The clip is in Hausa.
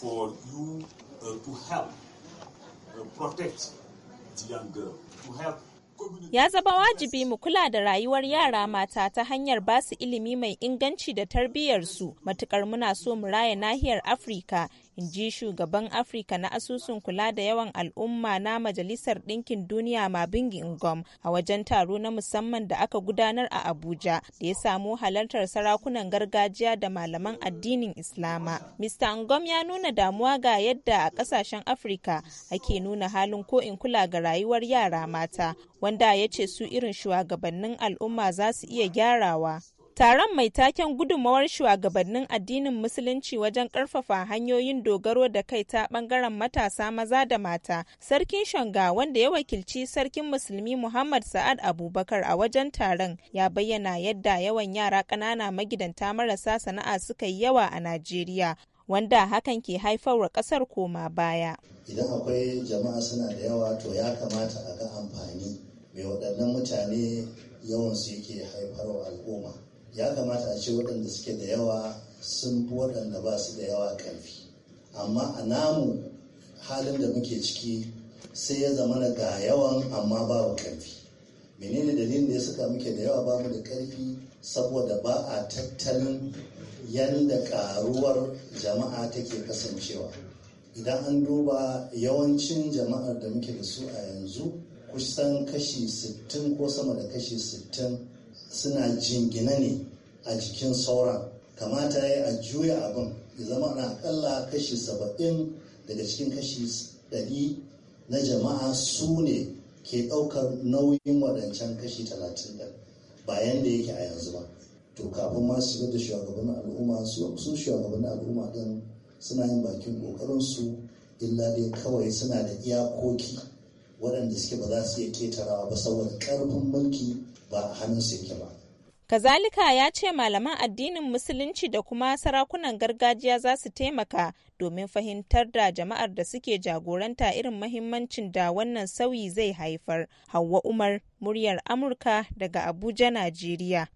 for you uh, to help uh, protect the young girl, to help Ya zaba wajibi mu kula da rayuwar yara mata ta hanyar basu ilimi mai inganci da tarbiyyar su, matukar muna so mu raya nahiyar Afirka in ji shugaban afirka na asusun kula da yawan al'umma na majalisar ɗinkin duniya mabingi ngom a wajen taro na musamman da aka gudanar a abuja da ya samu halartar sarakunan gargajiya da malaman addinin islama mr ngom ya nuna damuwa ga yadda a ƙasashen afirka ake nuna halin ko in kula ga rayuwar yara mata wanda ya ce su irin shugabannin al'umma za su iya gyarawa Taron mai taken gudunmawar shugabannin addinin Musulunci wajen ƙarfafa hanyoyin dogaro da kai ta ɓangaren matasa maza da mata, Sarkin Shanga wanda ya wakilci Sarkin Musulmi Muhammad Sa'ad Abubakar a wajen taron ya bayyana yadda yawan yara ƙanana magidanta marasa sana'a suka yi yawa a Najeriya. Wanda hakan ke haifarwa ƙasar koma baya. Idan akwai jama'a suna da yawa to ya kamata a ga amfani mai waɗannan mutane yawan su yake haifarwa al'umma. ya kamata a ce waɗanda suke da yawa sun fi waɗanda ba su da yawa karfi. amma a namu halin da muke ciki sai ya zama na ga yawan amma babu karfi. menene dalilin da ya saka muke da yawa ba mu da ƙarfi saboda ba a tattalin yadda ƙaruwar jama'a take kasancewa idan an duba yawancin jama'ar da muke da su a yanzu kusan kashi 60 ko sama da kashi 60 suna jingina ne a jikin sauran kamata ya yi a juya abin ya zama na akalla kashi saba'in daga cikin kashi ɗari na jama'a su ne ke ɗaukar nauyin waɗancan kashi talatin da bayan da yake a yanzu ba to kafin ma su da shugabannin al'umma su su shugabannin al'umma din suna yin bakin ƙoƙarinsu illa dai kawai suna da iyakoki waɗanda suke ba za su iya ketarawa ba saboda ƙarfin mulki ba a hannun su yake ba. Kazalika ya ce malaman addinin Musulunci da kuma sarakunan gargajiya za su taimaka domin fahimtar da jama'ar da suke jagoranta irin mahimmancin da wannan sauyi zai haifar. Hauwa Umar, muryar Amurka daga Abuja, Najeriya.